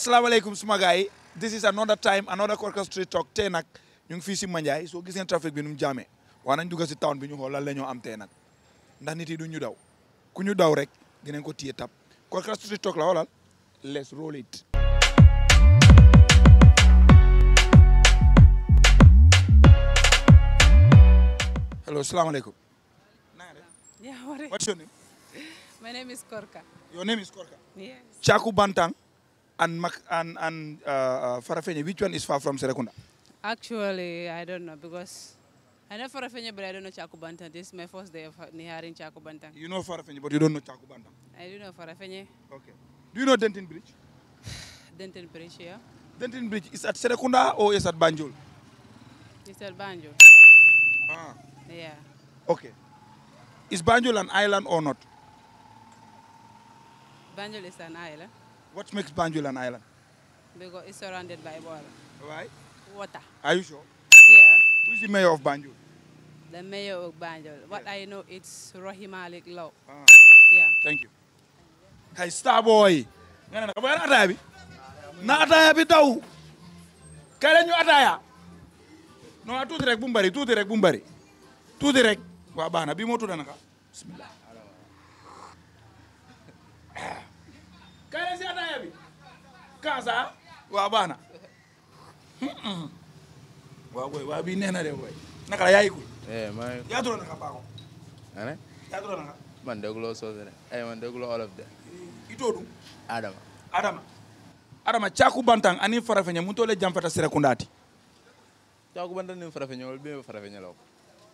asalaamaaleykum suma gars this is another time another Korka Street Talk tey nag ñu ngi fii si Mandiaye soo gisee trafic bi nu mu jaamee nañ dugg si town bi ñu xool lan la ñoo am tey nag ndax nit yi du daw ku ñu daw rek dinañ ko téye tab Korka Street Talk la xoolal let's roll it. hello salaamaaleykum. what's your name. my name is Korka. your name is Korka. yes. Chaku Bantang. and Mac and and uh, uh Farafenye, which one is far from Serekunda? Actually, I don't know because I know Farafenye, but I don't know Chakubanta. This is my first day of hearing Chakubanta. You know Farafenye, but you don't know Chakubanta. I do know Farafenye. Okay. Do you know Denton Bridge? Denton Bridge, yeah. Denton Bridge is at Serekunda or is at Banjul? It's at Banjul. Ah. Yeah. Okay. Is Banjul an island or not? Banjul is an island. What makes Banjul an island? Because it's surrounded by water. Why? Water. Are you sure? Yeah. Who's mayor of Banjul? The mayor of Banjul. What I know, it's Rahim Law. Ah. Thank you. Hey, star nga ne nag xam nga ataaya bi na bi taw kay la ñu ataaya non tuuti rek bu mu bëri tuuti rek bu mu naka kaay leen si ataaya bi Kansa waaw baax na waaw booy waaw bii neex na de booy naka la yaa yëgul. maa ngi yaa turoon na nga Paco. nga ne yaa na nga. man dégguloo soose de eh, ay man dégguloo olof de. itoodu. Adama. Adama. Adama Caaku Bantang ani Farafeñe mu toll jamfata Serekundaati. Caaku Bantang ni Farafeñe wala bii Farafeñe la ko.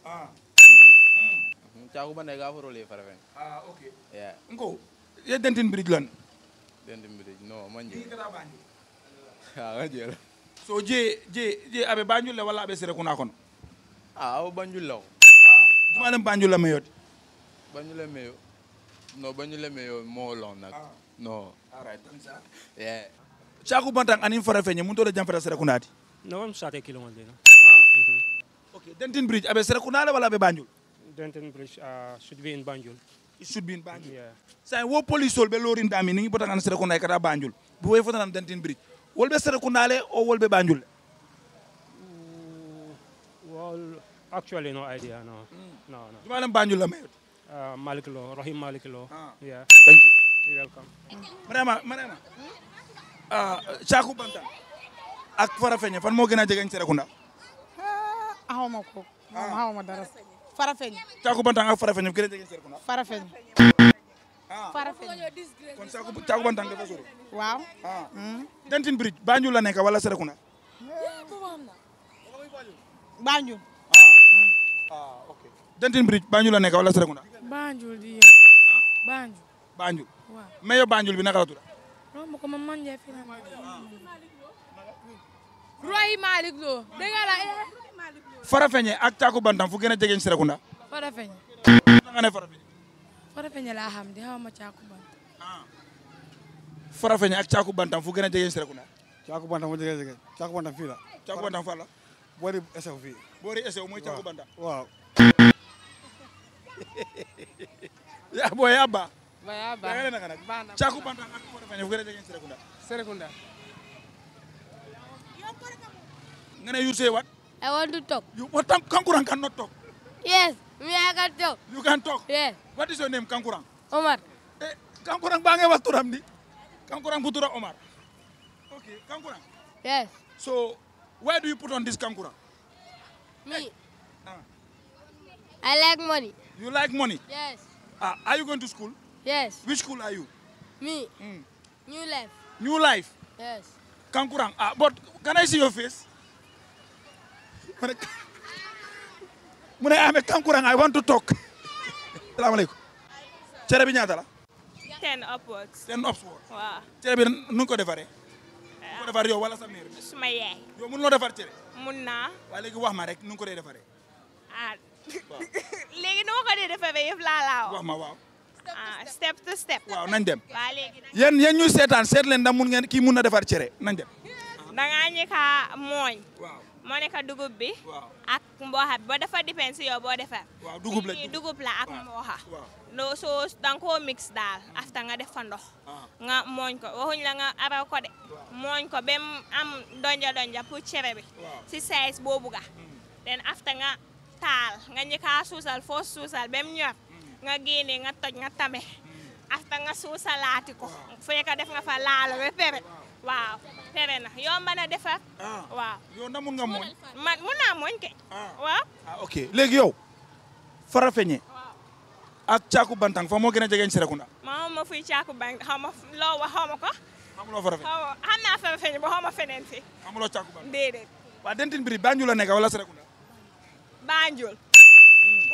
ah. Mhm. Mm. Mhm. Caaku Bantang gaa foro ah ok. yeah. nko ye dentin bridge lan. ɗenɗo mbiɗo non man jeeyi kata banjul awa jeela so jeye jeye jeye aɓe banjulle walla aɓe sére kona kono ah, a awa banjulle o ah, jumaɗen banjulle meyode banjulle meyo non banjulle meyo mowolon nak ah. non alright comme ça e chaque bantan anin fora feñe mun toɗo jam feta sére kunadi no wam chaque kilomol deno mm-hmm. ok dentin bridge aɓe sére la walla be banjul dentin bridge a sudwi in banjul it should be in Banjul. Yeah. Saying wo police wolbe lorin dami ningi bota kan sere kunai kata Banjul. Buwe fota nam dentin bridge. Wolbe sere kunale or wolbe Banjul. Well, actually no idea no. Mm. No no. Jumalam Banjul la mayot. Uh, Malik Lo, Rahim Malik Lo. Ah. Yeah. Thank you. You're welcome. Marama, Marama. Ah, Chaku Banta. Ak fara fenya fan mo gëna jëgëñ sere kunda. Ah, xawmako. Mom xawma ah. dara. Farafeñ. Caaku Bantang ak Farafeñ keneen jege Serekunda. Farafeñ. Ah. Farafeñ. kon Caaku Caaku waaw. Ah. Hmm. Denton Bridge Banjul la nekk wala Serekunda. Banjul. ah, ah ok. Denton Bridge Banjul la nekk wala Serekunda. Banjul di yow. Banjul. Banjul. waaw mais yow Banjul bi naka la tudd. non ko man man jaay Roy Malick Lo dégg nga ak Caaku Bantam fu gën a jege Serekunda. Farafeñe. nga ne Farafeñe. Ah. ak Caaku Bantam fu gën a jege Serekunda. Caaku Bantam fu gën a jege Caaku Bantam fii boori esew fii. boori esew mooy Caaku Bantam. waaw. yaa ba. Caaku Bantam fu gën jege Serekunda. Serekunda. ngene you say what? I want to talk. You what kankuran Kankurang cannot talk. Yes, me I can talk. You can talk. Yes. What is your name, kankuran Omar. Eh, Kankurang bange was turam ni. bu tura Omar. Okay, kankuran Yes. So, where do you put on this kankuran Me. Hey. uh. I like money. You like money? Yes. Ah, are you going to school? Yes. Which school are you? Me. Mm. New Life. New Life? Yes. Kankurang. Ah, but can I see your face? mu ne ame kankurang I want to talk salaamaaleykum cere bi ñaata la ten upwards ten upwards waaw cere bi nu ko defaree ko defar yow wala sa mère suma yaay yow mënuloo defar cere mun naa waaye léegi wax ma rek nu ko dee defaree ah léegi nu ma ko dee defaree yëpp laa laa ma waaw ah step to step waaw nañ dem waaw léegi yéen yéen ñuy seetaan seet leen da mun ngeen kii mun na defar cere nañ dem da ngaa mooñ moo ka dugub bi. ak mbooxa bi ba dafa dépend boo defar. waaw dugub la dugub la ak mbooxa. loo soo danga mix daal hmm. afta nga def fa ndox. Ah. nga mooñ ko waxuñ la nga araw ko de. mooñ ko ba am donja donja pour cere bi. si size boo bugga. den hmm. afta nga taal nga ñëkkaa suusal foo suusal ba mu ñor. Hmm. nga génne nga toj nga tame. afta nga suusalaati ko. fekk def nga fa laalo ba pere waaw. tere na yomb na defar. Ah. waaw yow na mun nga mooñ. man mun naa mooñ kay. Ah. waaw. ah ok léegi yow. Farafeñe. ak Caaku Bantang fa moo gën a jege Serekunda. maa ma fuy Caaku Bantang loo wax xaw ko. xamuloo Farafeñe xaw ma xam naa ba xaw ma feneen fi. xamuloo Caaku Bantang déedéet. waa Denton Brij Banjul la nekk wala Serekunda. Banjul.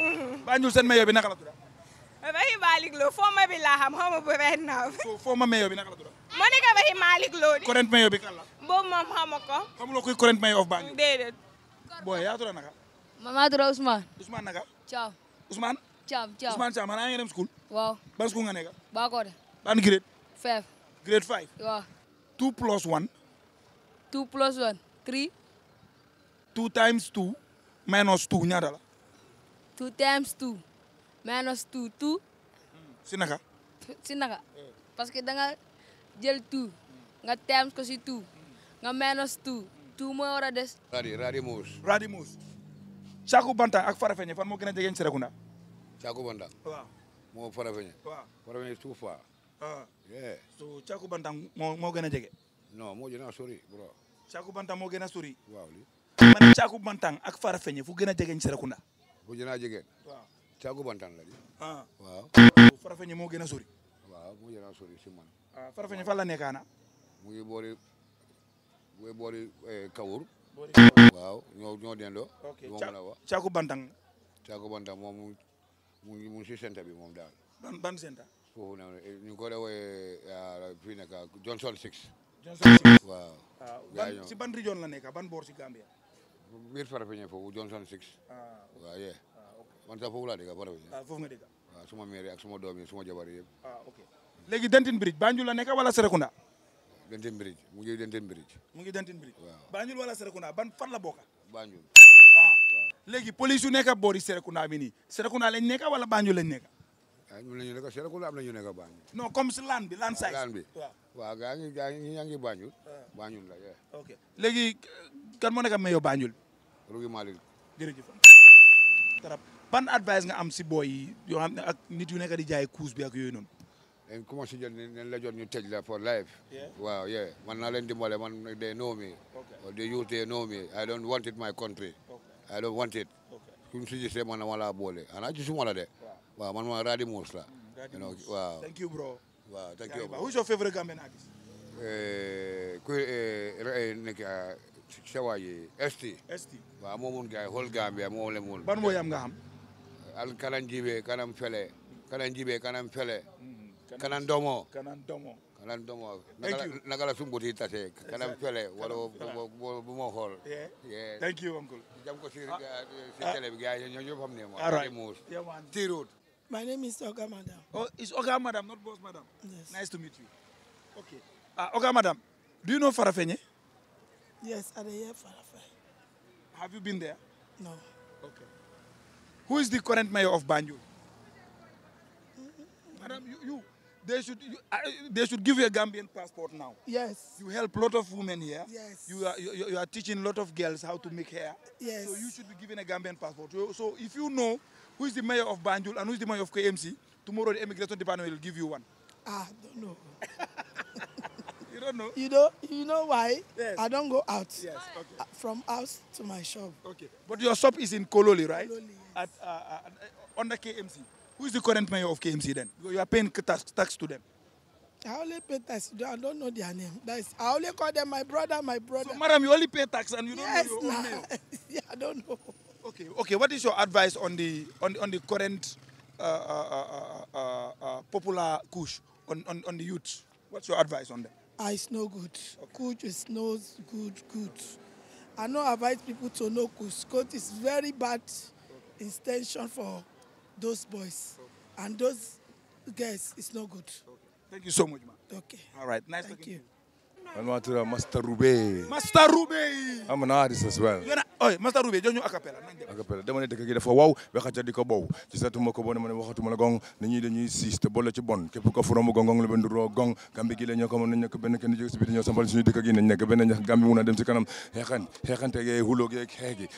Mm. Banjul seen meeyoo bi naka la tudd. Rahiba Liglo foo ma bi laa xam xaw ma bu ma meeyoo bi naka la tudd. Monica Baye Malick Lo di. current mayor bi kan la. boobu moom xama ko. xamuloo kuy current mayor of Banjul. déedéet. booy yaa tudd naka. man maa tudd Ousmane. Ousmane naka. Thiam Ousmane. Thiam Thiam school. waaw ban school nga nekk. grade. five. grade five. two plus one. two plus one three. two times two minus two ñaata la. two times two minus two two. si naka. si naka eh. parce que jël tout nga teem ko si tout nga menos tout tout mo war a des. Radi Radi Mous. Radi Mous. chaku Bantang ak Farafenni fan moo gën a jege Serekunda. Saku Bantang. waaw moo Farafenni. wa Farafenni tout fa. ah. so chaku Bantang mo mo gëna a No, non moo gën sori bro. chaku Bantang mo gëna a sori. waaw li. man chaku banta Bantang ak Farafenni fu gëna a ci rekuna bu jëna a wa chaku banta Bantang la di. ah wa Farafenni moo gën a sori. wa mo jëna sori ci man. Farafeññi fala la nekkaana. mu ngi boori mu ngi boori eh, Kawour. waaw ñoo ñoo dendoo. ok Ca Caaku Bantang. Caaku Bantang moom mu mu senta bi moom daal. ban ban senta. foofu noonu eh, ñu ngi ko dawee eh, ah, fii nekk ah, Johnson Six. Johnson Six waaw. Ah, ban si ban région la nekk ban si Gambia. biir Farafeññi foofu Johnson Six. waaw yee. man sax foofu laa dégg Farafeññi. foofu nga dégg. suma mère ak suma suma jabar ah léegi Dentine Bridge Banjul la nekk wala Serekunda. Dentine Bridge mu ngi Dentine Bridge. mu ngi Dentine Bridge. waaw Banjul wala Serekunda ban fan la bokk. Banjul. waaw ah. léegi police yu nekk boori Serekunda bi nii Serekunda lañ nekk wala Banjul lañ nekk. ah ñu ne ñu nekk Serekunda am na ñu nekk Banjul. non comme si lan bi lan size. Ah, lan bi waa waaw gaa ngi gaa ngi yaa ngi Banjul. Ah. Banjul la yeah. ok léegi kan moo nekk meyo Banjul. Rougui Malick. jërëjëf. tarap ban advice nga am si booy yoo xam ak nit yu nekk jaay couche bi ak yooyu noonu. ku ma si jël ne la jot ñu la for life. waaw yeah man naa leen dimbale man they know me. okay the youth I don't want it my country. I don't want it. si man ma laa boole ana gisuma la de. waaw man ma Radi Moose la. Mm, waaw thank you bro. waaw thank waaw moomun gars yi whole la mun. ban mooy am nga xam. al kanam kanan domo kanan domo kanan domo nagala sumbuti tase kanan fele bu mo xool thank you uncle si ah, ah. télé bi gaay ñoo ñoo fam my name is oh, oga madam not boss madam yes. nice to meet you ah, oga madam do you know farafenye yes i hear farafenye have you been there no who is the current mayor of banjul mm-hmm. They should, you, they should give you a Gambian passport now. Yes. You help a lot of women here. Yes. You are, you, you are teaching a lot of girls how to make hair. Yes. So you should be given a Gambian passport. So if you know who is the mayor of Banjul and who is the mayor of KMC, tomorrow the immigration department will give you one. Ah, I don't know. you don't know? You know, you know why? Yes. I don't go out. Yes, okay. Uh, from house to my shop. Okay. But your shop is in Kololi, right? Kololi, yes. At, uh, uh, under KMC? Who is the current mayor of KMC then? You are paying tax, tax to them. I only pay tax. I don't know their name. That is, I only call them my brother, my brother. So, madam, you only pay tax and you don't yes, know your own nah. name. yeah, I don't know. Okay, okay. What is your advice on the on on the current uh, uh, uh, popular kush on, on on the youth? What's your advice on that? Ah, it's no good. Okay. Kush is no good. Good. I don't advise people to know kush. Kush is very bad okay. extension for those boys. Okay. And those guys. it's not good. Okay. Thank you so much, ma'am. Okay. All right. Nice Thank you. you. man maa tudd Master Roubé. Master Roubé. am na artist as well. yéen a ooy Master Roubé jox ñu acapella. di ko bow ci satuma ko bon ma ne waxatuma la gong nit ñi dañuy siis te ci bon képp ko foromu gong gong la benn duroo gong gambi gi la ñoo ko mën nañ nekk si biti ñoo gi nañ nekk gambi mun dem si kanam xeexan xeexante gee xuloo gee xeex gi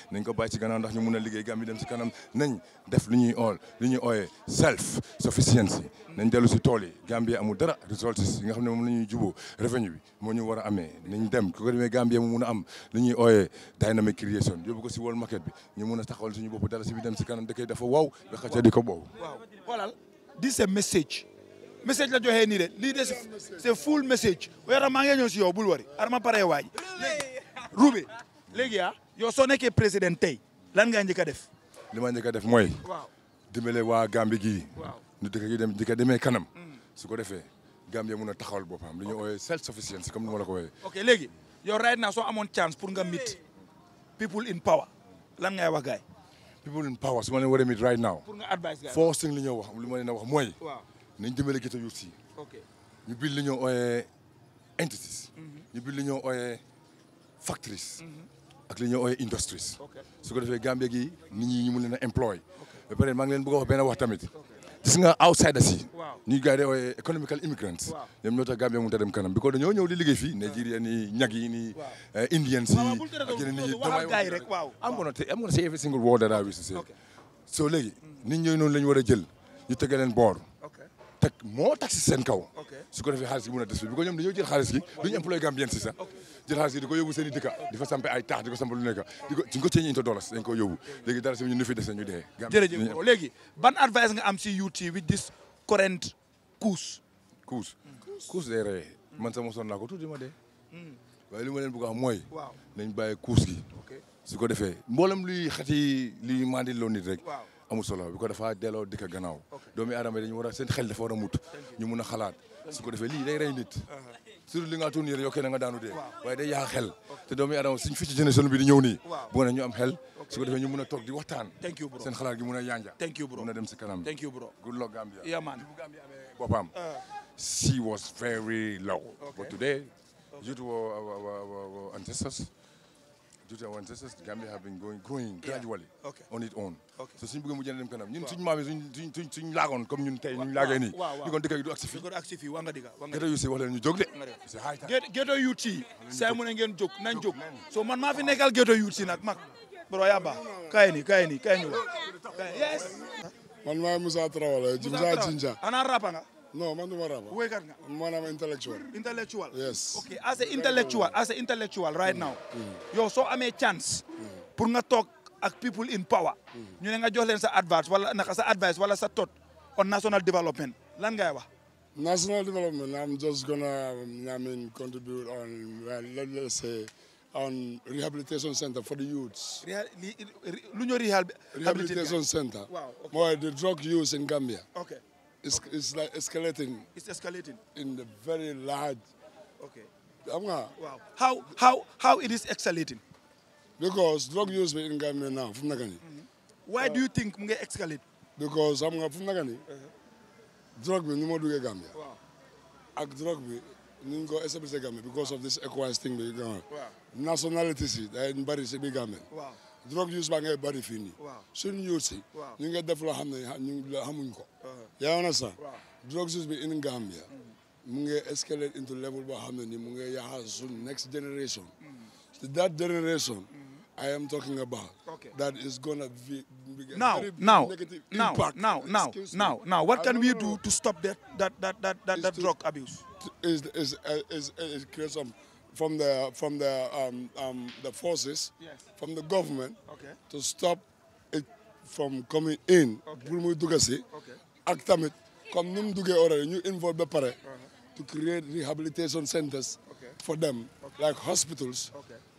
si gannaaw ndax ñu mun a gambi dem si kanam nañ def lu ool lu ñuy ooyee self sufficiency nañ dellu tool yi gambi amul dara resources xam ne moom la ñuy juboo revenu bi wara amé niñ dem ko démé Gambie mo mun am li ñuy dynamic creation yóbbu ko si world market bi ñu mëna taxawal suñu bop dara ci bi dem ci kanam dëkkee dafa waw nga xëcc di ko boobu. waaw xoolal di message message la joxé ni de lii de c'est full message wara ma ngi ñëw ci yow bul wari arma paré waaj Roubé légui ya ah, yo soo nekkee président tey lan nga njëkk def. li ma njëkk def moy waaw dimbale waa Gambie gi waaw ñu dëkk gi dem di démé kanam. Mm. su ko defee. Gambia mun a taxawal boppam li ñuy woowee self sufficiency comme ni ma la ko woowee. ok léegi yow right now soo amoon chance pour nga meet people in power lan ngay wax gaay people in power su ma leen war a meet right now. pour nga advice gaay li ñu wax li ma leen a wax mooy. waaw nañ dimbale ghetto youth li ñu ooyee entities. Mhm. ñu li ñu ooyee factories. Mhm. ak li ñu ooyee industries. su ko defee Gambia gi nit ñi ñu mu leen a employ. ba pare maa leen bëgg wax benn wax tamit. gis nga outsiders yi ñuy gars yi wooye economical immigrants ñoom ñoo tax Gambia mu ta dem kanam bi ko dañoo ñëw di liggéey fii Nigeria ni ñag yi ni eh, Indians yi ak yeneen nit ñi damay rek waaw am gonna am gonna say every single word that I wish to say so léegi nit ñooy noonu la ñu war a jël ñu tege leen boor teg moo tax si seen kaw su ko defee xaalis gi mën a des bi ko ñoom dañoo jël xaalis gi duñu employé Gambien si sax jël xaalis gi di ko yóbbu seen i dëkka di fa sampe ay taax di ko samp lu nekk di ko ci ko ceeñ into ko yóbbu léegi dara si ñu nu fi des ñu dee jërëjëf léegi ban advice nga am si youth yi with this current couche couche couche day man sama sonn naa ko tuuti ma dee hmm. waaye li ma leen bëgg a wax mooy nañ bàyyi couche gi su ko defee mboolem luy xati luy mandil loo nit rek dafa gannaaw dañu seen xel dafa mut ñu xalaat su ko day nit li nga yére nga daanu day xel te fi ci génération bi di ñëw bu ñu am xel su ko ñu di waxtaan seen xalaat gi dem kanam thank you bro good luck Gambia yeah man uh. she was very low but today due to our, our, our, our ancestors Duty awareness is Gambia have been going growing gradually on its own so suñu bëggee mu jënd dem kanam ñun suñu maam yi suñ suñ suñ laagoon comme ñun tey ñu laagee nii ñu kon dëkk yi du agsi fii kon agsi fii wa nga diga ghetto youth yi wax leen ñu jóg de ghetto youth yi saa mu ne ngeen jóg nañ jóg so man maa fi nekkal ghetto youth yi nag mag bro yaa baax kaay ni kaay ni kaay ñu yes man maay Moussa Traoré Jimza Jinja ana rapa nga non man du ma rap. nga intellectual. intellectual yes. a intellectual intellectual right now. Mm. Mm. yow soo amee chance. pour nga toog ak people in power. Mm. ñu ne nga jox leen sa advice wala naka sa advice wala sa tot on national development lan ngay wa national development I'm just gonna um, I mean contribute on well, let, let's say on rehabilitation center for the youths. Reha re, rehabilitation center. Wow. the drug use in Gambia. it's okay. it's like escalating. In the very large. Okay. I'm How it is escalating? Because drug use in Gambia now from Nagani. Mm-hmm. Why do you think munge escalate? Because I'm from Nagani. Uh Drug bi ni mo duggee Gambia. Ak drug bi ni ñu ko establish Gambia because of this ECOWAS thing Nationalities yi day bari si drogue use baa ngay bëri fii nii. waaw suñu ñëw si. ñu ngi def loo xam ne ñu xamuñ ko. Uh-huh. yaa ngi sax drogue use bi in Gambia mm. mu ngi escalate into level boo xam ne nii mu ngi yaaxal suñu next generation. Mm. te that generation. Mm. I am talking about. Okay. That is gonna be, be now, very now, what I can we do know. to stop that that that that to, drug abuse? Is is is, is create some from the from the um, um, the forces, yes. from the government, okay. to stop it from coming in. pour muy dugg involve uh-huh. to create rehabilitation centers. Okay. for them okay. like hospitals.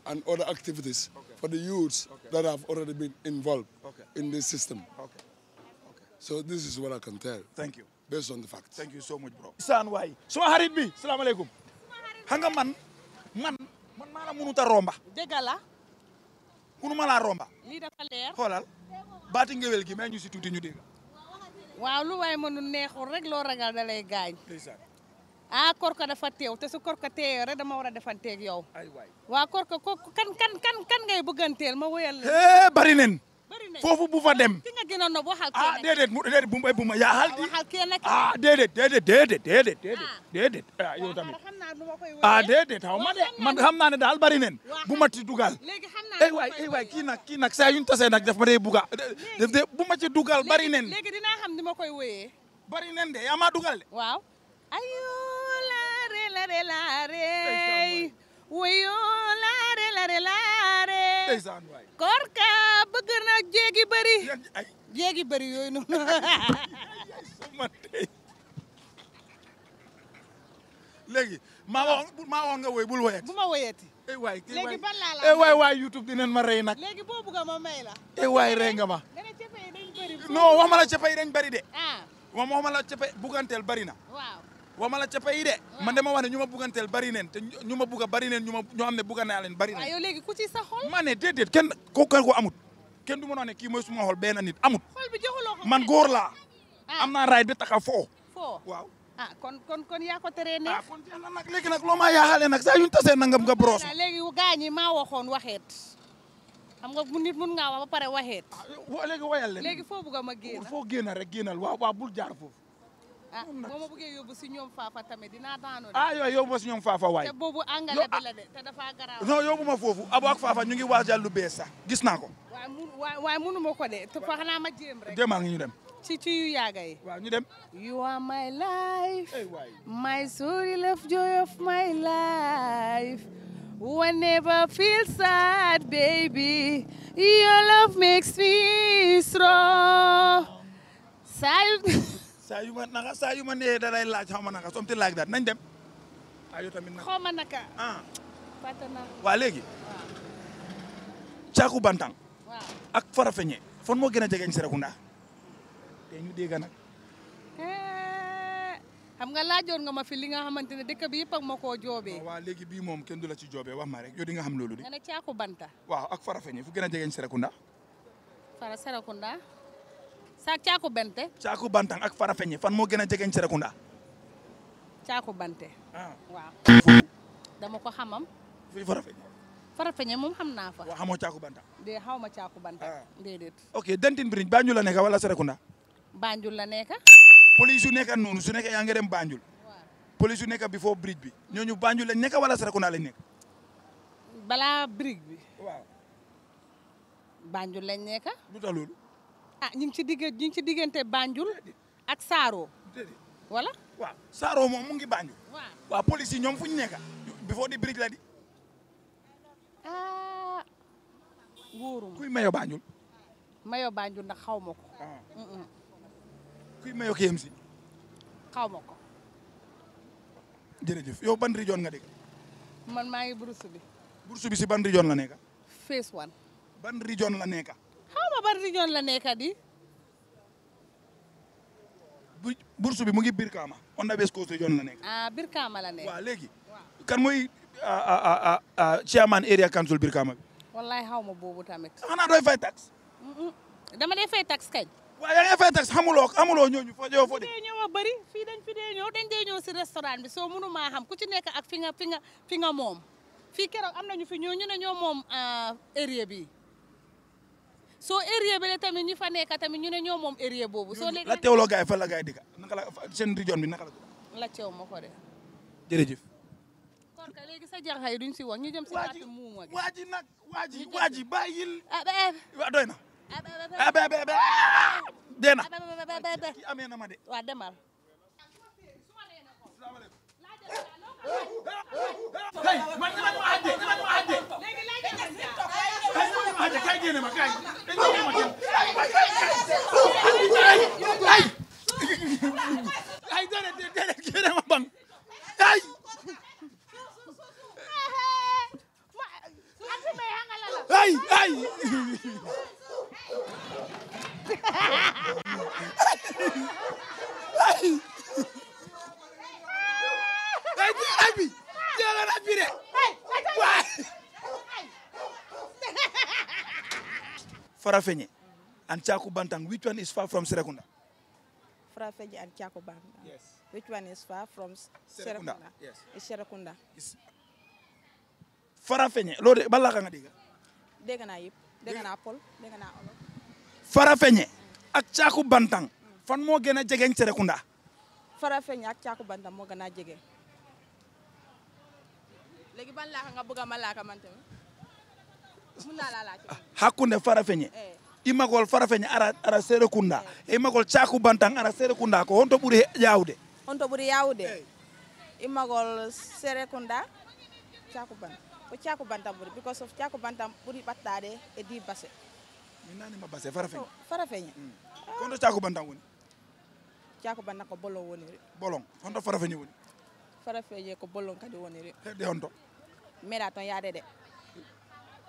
and other activities for the youths that have already been involved in this system. so this is what I can tell. thank you based on the facts. thank you so much bro. Saan suma xarit bi salaamaaleykum. maa la mënut a romba. dëgg la. mënuma laa romba. lii dafa leer xoolal baati ngewel gi may ñu si tuuti ñu dégg. waaw lu waay mënul neexul rek loo ragal da lay gaañ. ah korka dafa teew te su korka teewee rek dama war a defanteeg yow. aywaay waa korka ko kan kan kan kan ngay bëgganteel ma wéyal. bari nen. foofu bu fa dem. ki nga gënoon na waxal keneen ah déedéet mu déedéet bu bu ma yaa xal di ah déedéet déedéet de man xam naa ne daal bari neen bu ma ci dugal eh, ay eh, kii nag kii nag saa yu ñu tasee nag daf buga bu ma ci dugal bari neen léegi dinaa xam ni ma koy wooyee bari neen de yaa ma dugal de waaw ayo laare laare laare laare korka bëgg na jéegi bëri jéegi bëri yooyu noonu léegi maa waxoon maa waxoon woy bul woyati bu ma woyati eh waay eh léegi ban laa la eh youtube dinañ ma rey nag léegi boo bëgg ma may la eh waay rey nga ma non wax ma la cappay dañ bëri de ah. wax ma la cappay buganteel bëri na waxumala ca pay yi de. man dama wax ne ñu ma bugganteel bari neen te ñu ma bugg a bari neen ñu ma ñoo xam ne bugg naa leen bari neen. waaw yow léegi ku ci sa xol. ma ne déedéet kenn ko ko amut kenn du ma wax ne kii mooy suma xol benn nit amut. xol bi joxuloo ko man góor la ah. am naa raay bi taxaw foo. foo waaw. ah kon kon kon yaa ko teree ne. ah kon jeex na nag léegi nag loo maa yaaxalee nag saa yu ñu tasee nangam nga brosse. léegi gaañ yi maa waxoon xam nga bu nit mun ngaa wax ba pare waxeet. ah wayal leen. léegi foo ma génn. foo génn rek génnal waaw waaw bul jaar foofu ah boo ma bëggee yóbbu si ñoom faafa tamit dinaa daanu ah yóbbu ma si ñoom faafa waay. waajal lu bees gis naa ko. waaye munu ma ko de te fa xanaa ma jéem rek. jéemal nga ñu dem. ci ci yu yaaga yi. ñu dem. you are my life. my story love joy of my life. Whenever I feel sad, baby, your love makes me strong. saa yu ma naka saa yu ma nee da lay laaj xaw ma naka soom te laaj daal nañ dem. ayo tamit naka xaw ma naka. Ah. waa léegi. Caaku Bantang. ak Farafeñe fan moo gën a jegeñ Serekunda. te ñu dégg nag. Eh, xam nga laajoon nga ma fi li nga xamante ne dëkk bi yëpp ak ma koo joobee. waaw léegi bii moom kenn du la ci joobee wax ma rek yow di nga xam loolu de. nga ne Caaku Banta. waaw ak Farafeñe fu gën a jegeñ Serekunda. Fara Serekunda. saak Caaku Bante. Caaku Bantang ak Farafeñe fan moo gën a jegeñ Serekunda. Caaku Bante. Ah. waaw. dama ko xamam. fuy Farafeñe. Farafeñe moom xam naa fa. waaw xamoo Caaku banta de xaw ma Caaku Bantang. Ah. déedéet. ok Denton Bridge Banjul la nekk wala Serekunda. Banjul la nekk. police yu nekk noonu su nekkee yaa ngi dem Banjul. police yu nekk before bridge bi ñooñu Banjul lañ nekk wala Serekunda lañ nekk. balaa bridge bi. Banjul lañ nekk. lu tax ah ñu ngi ci digg ñu ci diggante Banjul ak Saaro. wala waaw Saaro moom mu ngi Banjul. waaw waaw police yi ñoom nekk before di bridge la di. ah wóoruma kuy mayo Banjul. mayo Banjul ndax xaw ma ko. Ah. kuy mayo KMC. xaw ma ko. jërëjëf ban region nga dégg. man maa ngi bi. Burusu bi si ban region la nekk. Phase one. ban region la nekk. xama ban la nekka di bourse bi mu ngi Birkama on the West Coast région la nekk ah Birkama la nekk waaw léegi kan mooy chairman area council Birkama bi wallahi xaw ma boobu tamit xanaa doy fay tax dama dee fay tax kañ waaw yaa ngi fay tax xamuloo xamuloo ñooñu foo ñëw foo de fii dañ fi dee ñëw dañ dee ñëw si restaurant bi soo mënu maa xam ku ci nekk ak fi nga fi nga fi moom fii keroog am nañu fi ñoo ñu ne ñoo moom ah, area bi soo érié bi la tamit ñu fa nekk tamit ñu ne ñoo moom érié boobu. soo nekk la teewloo gars yi fan la gars yi dëkk naka la seen région bi naka la. la teew ma ko de. jërëjëf. kon ka léegi sa jànxa yi duñ si wax ñu jëm si kàttu muuma gi. waa ji nag waa ji waa ji bàyyil. Ah, eh. waaw doy na. Ah, ah, dee na. kii amee na ma de. waa demal. hey man man ma àjjee. 干嘛？Farafenye and Bantang, which one is far from Serekunda? Farafenye and Bantang. Yes. Which one is far from Serekunda? Yes. It's Serekunda. It's Farafenye. Lord, bala ka nga diga? Dega na yip. Dega na Apol. Dega na Olo. Farafenye ak Bantang, Fan mo gëna jégué Serekunda? Farafenye ak Bantang mo gëna Legi ban la nga bëgg ma la hakkunde eh. imagol fara farafeñe ara ara sérékunda e immagol bantang ara kunda ko honto buri yaude honto eh. ɓuuri yawde immagol sérékunda cakuban ko cakubantan buri because of cakubantan ɓuuri ɓattade e di base mi nanima base farafeñe oh, farafeñe honto mm. cakubantan woni cakubantan ko bolong woniri bolon honto farafeñe woni fenye ko bolon kadi woniri heɓde honto meeɗa ton yaade de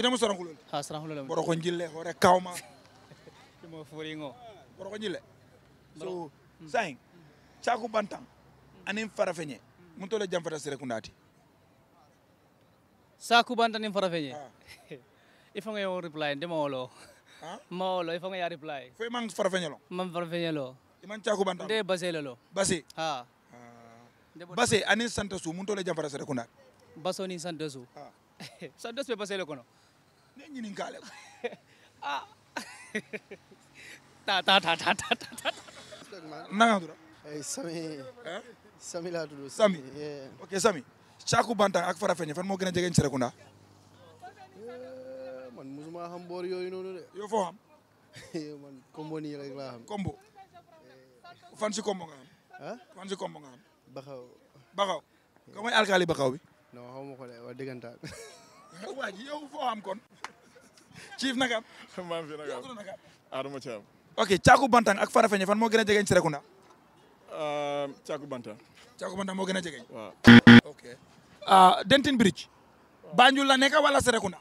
idamu sarankulun ha sarankulun boro ko jille hore kawma mo foringo boro ko jille so mm. sahin chaku bantang anin farafenye mun to le jamfata sere kundati saku bantang anin farafenye ifonga yo reply demo lo, ndema wolo mawolo ifonga ya reply fo man farafenye lo man farafenye lo iman chaku bantang de basé lo basé ha basé anin santa su mun to le jamfata sere kundati baso ni santa ha sa dospe basele kono ne ñinin kaale ko ah ta ta ta ta ta dura ay sami sami laa tudd sami ok sami caaku bantang ak fara feñe fan moo gën a jege Serekunda eh, man musuma xam boor yooyu noonu de yow foo xam man combo nii rek laa xam fan si combo nga xam fan si combo nga xam baxaw baxaw ka alkaali baxaw bi non xaw ma ko de waa ji yow foo am kon. Chief nagam. maa ngi fi nagam ok Caaku Bantang ak Farafeñe fan moo gën a jegeñ Serekunda. Caaku euh, Bantang. Caaku Bantang moo gën a jegeñ. waaw. ok ah, Denton Bridge. Banjul la nekk wala Serekunda.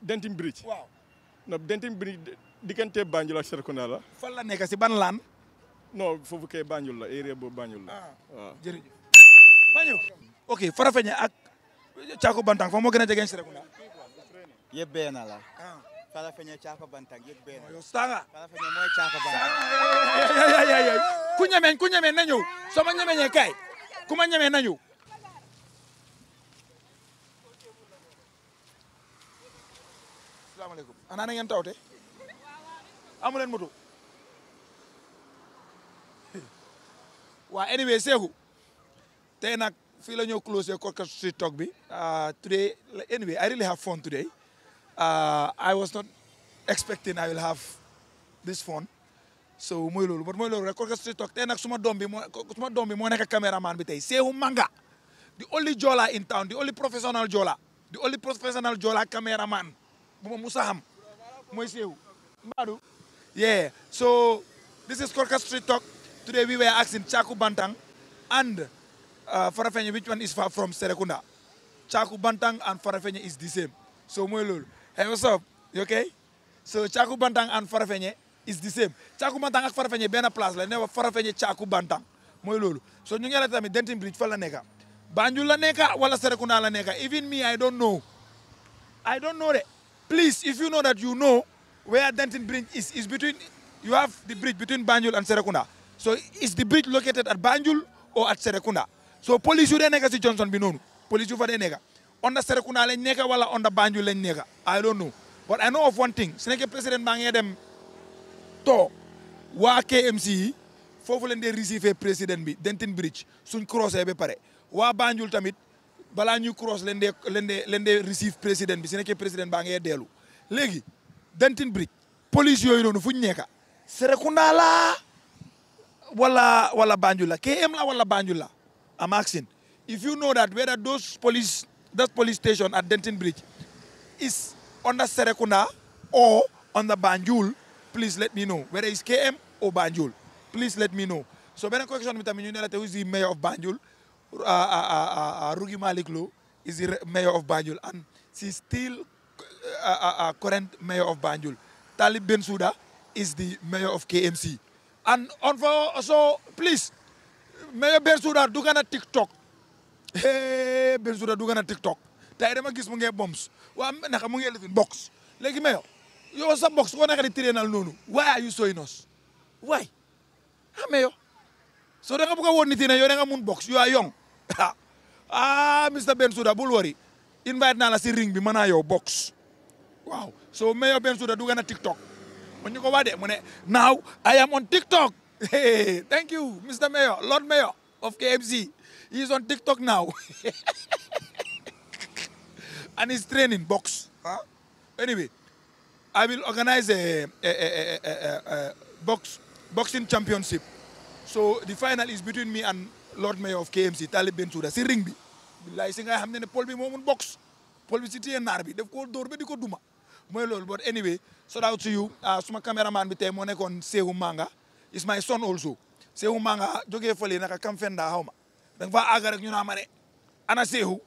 Denton Bridge. waaw non Denton Bridge diggante Banjul ak Serekunda la. fan la nekk si ban laan. non foofu kay Banjul la area boobu Banjul la. Ah, waaw ok farafanya ak chako bantang fo moo gën a jege Serekunda yëpp benn la ah. farafeñe chako bantang yëpp benn la sanga farafeñe moy chako bantang ku ñemee ku ñemee na ñëw soo ma ñemee kay ku ma ñemee na ñëw ana ngeen tawte amu leen moto anyway sehu tay nak fi la ñoo close your street talk bi ah, today anyway I really have fun today uh, I was not expecting I will have this fun so mooy loolu but mooy loolu rek street talk tey nag suma doom bi moo suma doom bi moo nekk cameraman bi tey Sehu Manga the only Jola in town the only professional Jola the only professional Jola cameraman bu ma musa xam mooy Sehu Mbadou yeah so this is Korkas street talk today we were asking Chaku Bantang and uh, Farafenni which one is far from Serekunda Chalkubantang and Farafenni is the same so mooy loolu hey what's up you okay so and Farafenni is the same Chalkubantang ak Farafenni benn place la ne wa Farafenni Chalkubantang mooy loolu so ñu ngi la tamit Denton Bridge fan la Banjul la nekka wala Serekunda la nekka even me I don't know I don't know de please if you know that you know where Denton Bridge is is between Banjul and Serekunda so is so police yu dee nekk si Johnson bi noonu police yu fa dee nekk onda Serekunda lañ nekk wala onda Banjul lañ nekk I don't know but I know of one thing su nekkee président baa ngee dem toog waa KMC yi foofu leen dee receiver président bi Denton Bridge suñ crossé ba pare waa Banjul tamit balaa ñuy cross leen dee leen dee leen dee président bi su nekkee président baa ngee delu léegi Denton Bridge police yooyu noonu fu ñu nekk Serekunda la wala wala Banjul la KM wala Banjul la I'm asking. If you know that whether those police, that police station at Denton Bridge is under Serekunda or under Banjul, please let me know. Whether it's KM or Banjul, please let me know. So when I question with the who the mayor of Banjul, uh, uh, uh, is the mayor of Banjul and she's still is the mayor of KMC. And on for, so please, mais Bensouda dugg na TikTok eh, Bensouda dugg na TikTok tey dama gis mu ngi bombs waa naka mu ngi lifin box léegi mais yow yow sa box ko naka di trainal noonu why are you so why xamee ah, yow soo da nga bëgg a woon nit yi ne yow da nga mun box you are young ah, ah Mr Bensouda bul invite naa la si ring bi mën naa yow box waaw so Mayor Bensouda dugg na TikTok mu ñu ko wax de mu ne now I am on TikTok Hey, thank you, Mr. Mayor, Lord Mayor of KFC. He's on TikTok now. and he's training box. Huh? Anyway, I will organize boxing championship. So the final is between me and Lord Mayor of KMC, Talib Bensouda, si ring bi. bilaay si nga xam ne ne pol bi moo mun box. pol si téye naar bi def koo dóor ba di ko duma. mooy loolu but anyway, shout out to you. Ah, suma cameraman bi tey moo nekkoon Seewu Manga. is my son also sehu maa nga jógee fële naka kam fen daa xaw ma da nga faa àgg rek ñu naa ma ne ana sehu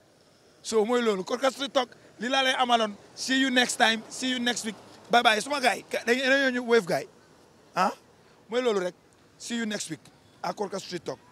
so mooy loolu kon kas talk li laa lay amaloon see you next time see you next week bye bye suma gaay dañu ñu wave gaay ah mooy loolu rek see you next week à Korka Street Talk